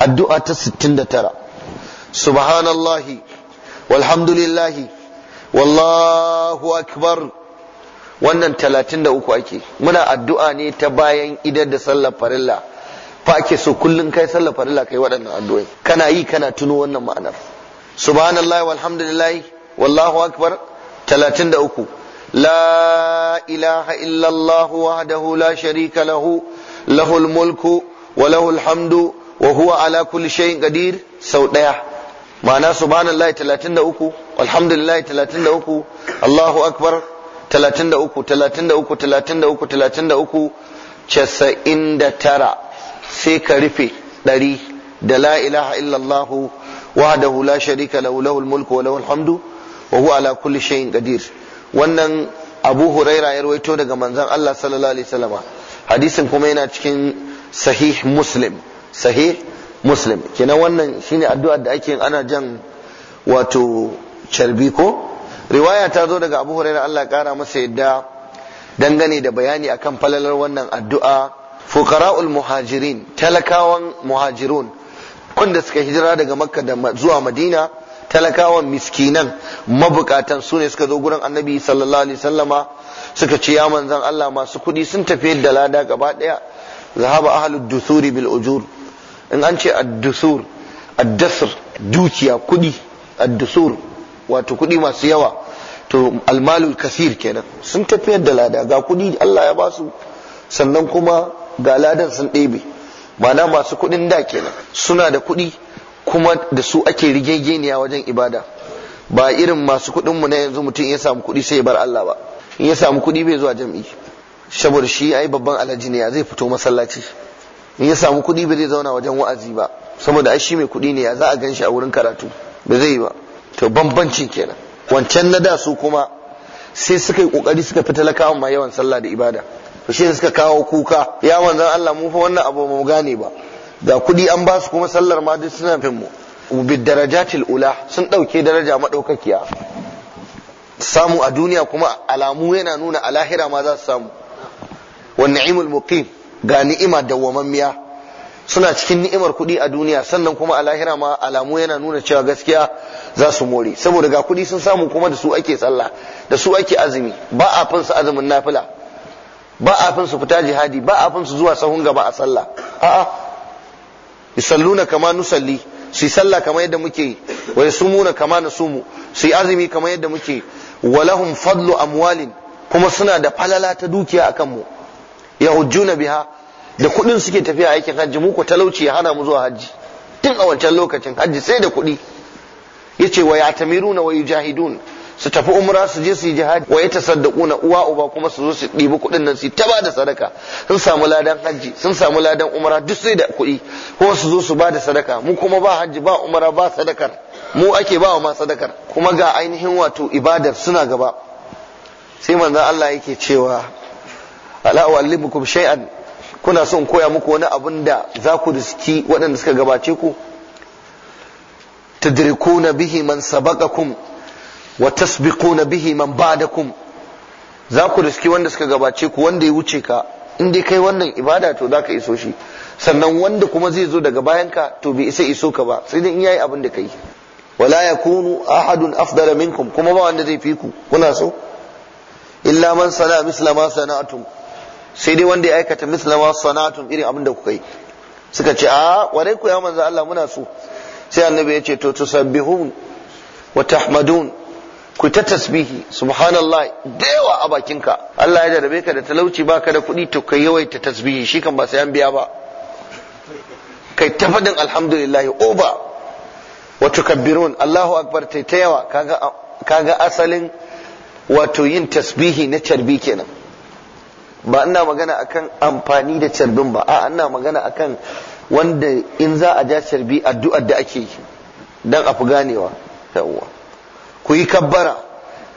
addu'a ta 69 subhanallahi walhamdulillahi wallahu akbar wannan 33 ake muna addu'a ne ta bayan idar da sallar farilla fa ake so kullun kai sallar farilla kai waɗannan addu'ai kana yi kana tuno wannan ma'anar subhanallahi walhamdulillahi wallahu akbar 33 la ilaha illallah wahdahu la sharika lahu lahul mulku wa lahul hamdu wa huwa ala kulli shay'in qadir sau daya ma'ana subhanallahi 33 alhamdulillahi 33 Allahu akbar 33 33 33 33 99 sai ka rufe 100 da la ilaha illallah wahdahu la sharika lahu lahul mulku wa lahul hamdu wa huwa ala kulli shay'in qadir wannan Abu Huraira ya rawaito daga manzon Allah sallallahu alaihi wasallama hadisin kuma yana cikin sahih Muslim sahih muslim kenan wannan shine addu'a da ake ana jan wato carbi ko riwaya ta zo daga abu hurairah Allah ya kara masa yadda dangane da bayani akan falalar wannan addu'a fuqara'ul muhajirin talakawan muhajirun wanda suka hijira daga makka da zuwa madina talakawan miskinan mabukatan sune suka zo gurin annabi sallallahu alaihi wasallama suka ce ya manzan Allah masu kuɗi sun tafi da lada gaba daya zahaba ahlud dusuri bil ujur in an ce addusur addasir dukiya kudi addusur wato kudi masu yawa to almalul kasir kenan sun tafiyar da lada ga kudi Allah ya basu sannan kuma ga ladan sun ɗebe mana masu kudin da kenan suna da kudi kuma da su ake rigegeniya wajen ibada ba irin masu kudin mu na yanzu mutum ya samu kudi sai ya bar Allah ba in ya samu kudi bai zuwa jami'i saboda shi ai babban alhaji ne ya zai fito masallaci in ya samu kuɗi ba zai zauna wajen wa'azi ba saboda ai mai kuɗi ne ya za a gan shi a wurin karatu ba zai yi ba to bambanci kenan wancan na da su kuma sai suka yi kokari suka fi talakawa ma yawan sallah da ibada to shi suka kawo kuka ya manzon Allah mu fa wannan abu mu gane ba da kuɗi an ba su kuma sallar ma duk suna fin mu darajatil ula sun ɗauke daraja maɗaukakiya samu a duniya kuma alamu yana nuna a lahira ma za su samu wa ni'imul muqim ga ni'ima dawwamammiya suna cikin ni'imar kuɗi a duniya sannan kuma a lahira ma alamu yana nuna cewa gaskiya za su more saboda ga kuɗi sun samu kuma da su ake sallah da su ake azumi ba a fin su azumin nafila ba a fin su fita jihadi ba a fin su zuwa sahun gaba a sallah a'a yusalluna kama nusalli su yi sallah kamar yadda muke yi wa yasumuna kama nasumu su yi azumi kamar yadda muke yi wa lahum fadlu amwalin kuma suna da falala ta dukiya akan mu ya hujjuna biha da kuɗin suke tafiya aikin hajji mu ko talauci ya hana mu zuwa hajji tun a wancan lokacin hajji sai da kuɗi yace wa yatamiruna wa yujahidun su tafi umra su je su yi jihadi wa ya kuna uwa uba kuma su zo su ɗibi kuɗin nan su ta ba da sadaka sun samu ladan hajji sun samu ladan umra duk sai da kuɗi ko su zo su ba da sadaka mu kuma ba hajji ba umra ba sadakar mu ake ba wa ma sadakar kuma ga ainihin wato ibadar suna gaba sai manzon Allah yake cewa ala uallimukum shay'an kuna son koya muku wani abin da za ku riski waɗanda suka gabace ku tadrikuna bihi man sabaqakum wa tasbiquna bihi man ba'dakum za ku riski wanda suka gabace ku wanda ya wuce ka in dai kai wannan ibada to zaka iso shi sannan wanda kuma zai zo daga bayan ka to bai isa iso ka ba sai dai in yayi abin da kai wala yakunu ahadun afdala minkum kuma ba wanda zai fi ku kuna so illa man sana misla ma sana'atum sai dai wanda ya aikata mislama sanatun irin abin da kuka yi suka ce a kwarai ku ya manzo Allah muna so sai annabi ya ce to tusabbihun wa tahmadun ku ta tasbihi subhanallah da yawa a bakinka Allah ya jarabe ka da talauci baka da kuɗi to kai yawaita tasbihi shi kan ba sai an biya ba kai ta faɗin alhamdulillah oba wa tukabbirun Allahu akbar tai ta yawa kaga kaga asalin wato yin tasbihi na carbi kenan ba ina magana akan amfani da carbin ba a ina magana akan wanda in za a ja carbi addu'ar da ake yi dan a fi ganewa yawwa ku yi kabbara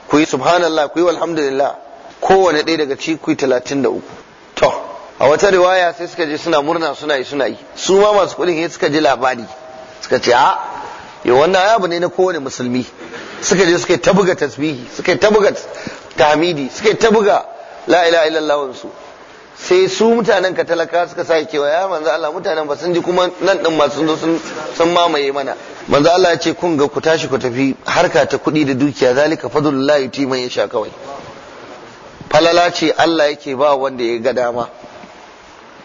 ku yi subhanallah ku yi alhamdulillah kowane ɗaya daga ci ku yi talatin da uku to a wata riwaya sai suka je suna murna suna yi suna yi su ma masu kuɗin suka ji labari suka ce a yau wannan abu ne na kowane musulmi suka je suka yi tasbihi suka yi ta tahmidi suka yi la ilaha sai su mutanen ka talaka suka sa kewa ya manzo Allah mutanen ba sun ji kuma nan din ba sun zo sun mamaye mana manzo Allah ya ce kun ga ku tashi ku tafi harka ta kuɗi da dukiya zalika fadlullahi ti man yasha kawai falala ce Allah yake ba wanda ya ga dama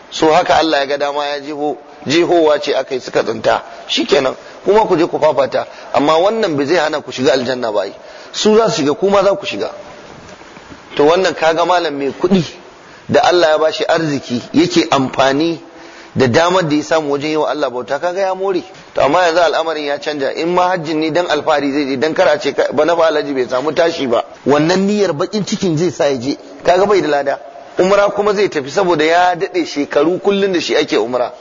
so haka Allah ya ga dama ya jiho jihowa ce aka yi suka tsinta shikenan kuma ku je ku fafata amma wannan bai zai hana ku shiga aljanna ba su za su shiga kuma za ku shiga to wannan kaga malam mai kuɗi da Allah ya bashi arziki yake amfani da damar da ya samu wajen yi wa Allah bauta kaga ya more to amma yanzu al'amarin ya canja in ma hajjin ne dan alfahari zai je dan kar a ce ba na ba alhaji bai samu tashi ba wannan niyyar bakin cikin zai sa ya je kaga bai da lada umra kuma zai tafi saboda ya daɗe shekaru kullum da shi ake umra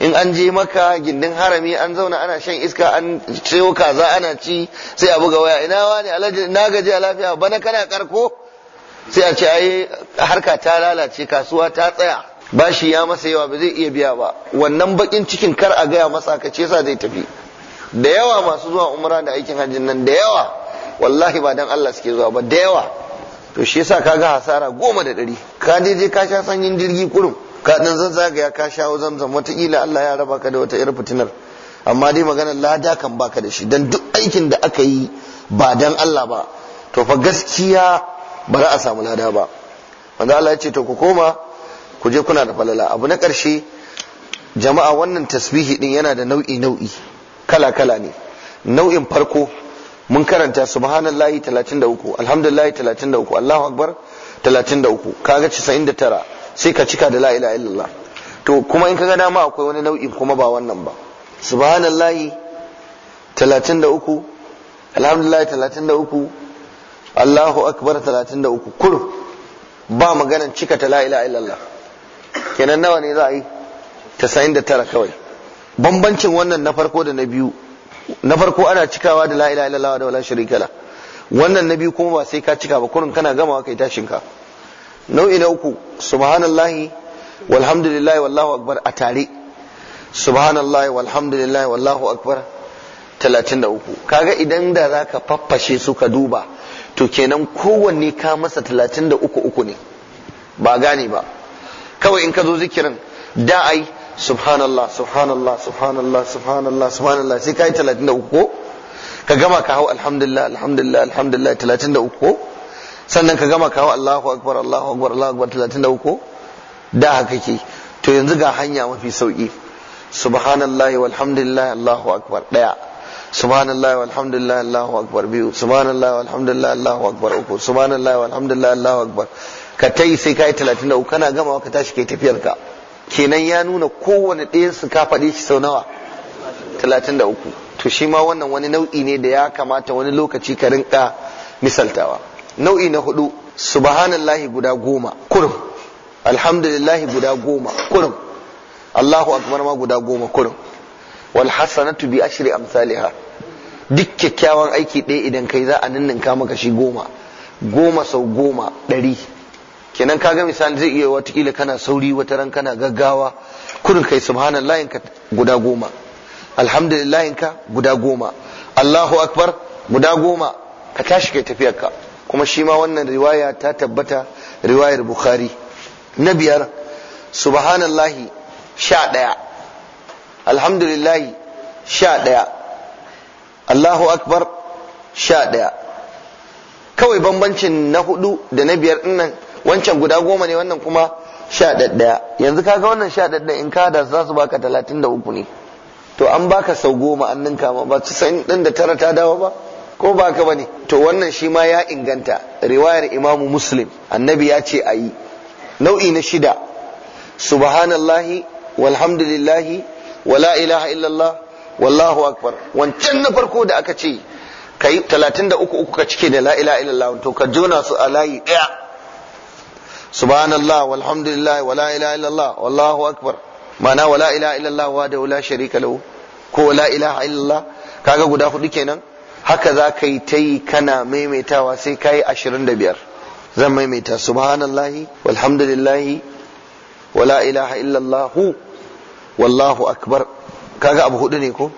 in an je maka gindin harami an zauna ana shan iska an ciwo kaza ana ci sai a buga waya ina wani alhaji na gaji a lafiya bana kana karko sai a ce ai harka ta lalace kasuwa ta tsaya bashi ya masa yawa ba zai iya biya ba wannan bakin cikin kar a gaya masa ka ce sa zai tafi da yawa masu zuwa umra da aikin hajji nan da yawa wallahi ba dan Allah suke zuwa ba da yawa to shi yasa kaga hasara goma da ɗari ka je je ka sha sanyin jirgi kurum ka dan zan ya ka shawo zamzam wataƙila Allah ya raba ka da wata 'yar fitinar amma dai maganar lada kan baka da shi dan duk aikin da aka yi ba dan Allah ba to fa gaskiya ba za a samu lada ba wanda Allah ya ce to ku koma ku je kuna da falala abu na ƙarshe jama'a wannan tasbihi din yana da nau'i nau'i kala kala ne nau'in farko mun karanta subhanallahi 33 alhamdulillahi 33 Allahu akbar 33 kaga 99 sai ka cika da la ilaha illallah to kuma in kaga dama akwai wani nau'i kuma ba wannan ba subhanallahi 33 alhamdulillahi 33 Allahu akbar 33 kurum ba maganan cika ta la'ila illallah kenan nawa ne za a yi 99 kawai bambancin wannan na farko da na biyu na farko ana cikawa da la'ila illallah da wala shirikala wannan na biyu kuma ba sai ka cika ba kurin kana gamawa kai tashin ka nau'i na uku subhanallahi walhamdulillahi wallahu akbar a tare subhanallahi walhamdulillahi wallahu akbar 33 kaga idan da zaka faffashe su ka duba to kenan kowanne ka masa talatin da uku uku ne ba gane ba kawai in ka zo zikirin da ai subhanallah subhanallah subhanallah subhanallah subhanallah sai ka yi talatin da uku ka gama ka hau alhamdulillah alhamdulillah alhamdulillah talatin da uku sannan ka gama kawo Allahu akbar Allahu akbar Allahu akbar 33 da haka ke to yanzu ga hanya mafi sauki subhanallah, walhamdulillah Allahu akbar daya subhanallahi walhamdulillah allahu akbar biyu subhanallahi walhamdulillah allahu akbar uku subhanallahi walhamdulillah allahu akbar ka tai sai kai 33 kana gamawa ka tashi kai tafiyarka, kenan ya nuna kowane ɗayan su ka faɗe shi sau nawa 33 to shi ma wannan wani nau'i ne da ya kamata wani lokaci ka rinka misaltawa nau'i na hudu subhanallahi guda goma kurum alhamdulillahi guda goma kurum Allahu akbar ma guda goma kurum wal hasanatu bi ashri amsalha duk kyakkyawan aiki ɗaya idan kai za a ninninka maka shi goma goma sau goma ɗari kenan kaga misali zai iya watakila kana sauri wata ran kana gaggawa kudin kai subhanan layinka guda goma alhamdulillah layinka guda goma allahu akbar guda goma ka tashi kai ka. kuma shi ma wannan riwaya ta tabbata riwayar bukhari na biyar subhanallahi sha ɗaya alhamdulillahi sha ɗaya Allahu akbar sha ɗaya kawai bambancin na hudu da na biyar dinnan wancan guda goma ne wannan kuma sha ɗaya yanzu kaga wannan sha ɗaya in ka da za su baka talatin da uku ne to an baka sau goma an ninka ma ba san ɗin da tara ta dawo ba ko ba ne to wannan shi ma ya inganta riwayar imamu muslim annabi ya ce ayi nau'i na shida subhanallahi walhamdulillahi wala ilaha illallah wallahu akbar wancan na farko da aka ce kai 33 uku ka cike da la ilaha illallah to ka jona su a layi daya subhanallah walhamdulillah wala ilaha illallah wallahu akbar ma'ana wala ilaha illallah wa da la sharika lahu ko la ilaha illallah kaga guda hudu kenan haka za ka yi ta yi kana maimaitawa sai ka yi ashirin da biyar zan maimaita subhanallahi walhamdulillahi wala ilaha illallahu wallahu akbar kaga abu hudu ne ko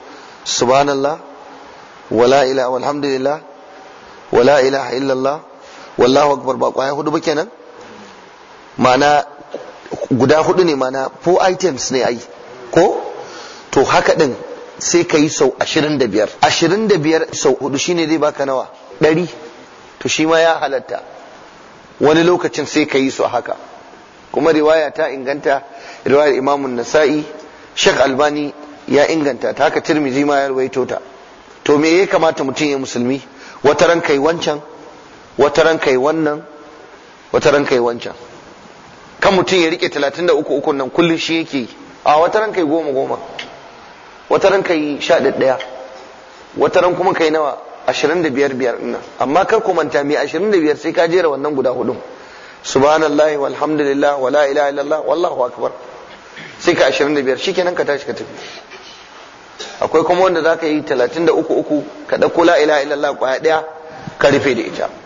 subhanallah wala ilaha walhamdulillah wala ilaha illallah wallahu akbar ba kwaya hudu ba kenan ma'ana guda hudu ne ma'ana four items ne ai ko to haka din sai ka yi sau ashirin da biyar ashirin da biyar sau hudu shine zai baka nawa ɗari to shi ma ya halatta wani lokacin sai ka yi su haka kuma riwaya ta inganta riwayar imamun nasa'i shek albani ya inganta ta haka tirmizi ma ya ruwaito ta to me ya kamata mutum ya musulmi wata ran kai wancan wata ran kai wannan wata ran kai wancan kan mutum ya rike 33 uku nan kullum shi yake yi a wata ran kai goma goma wata ran kai sha ɗaya wata ran kuma kai nawa ashirin da biyar biyar amma kar ku manta mai ashirin da biyar sai ka jera wannan guda hudun subhanallah walhamdulillah wala ilaha illallah wallahu akbar sai ka ashirin da biyar shikenan ka tashi ka tafi akwai kuma wanda ka yi 33 uku uku ka dauko la ilaha illallah kwaya daya ka rufe da ita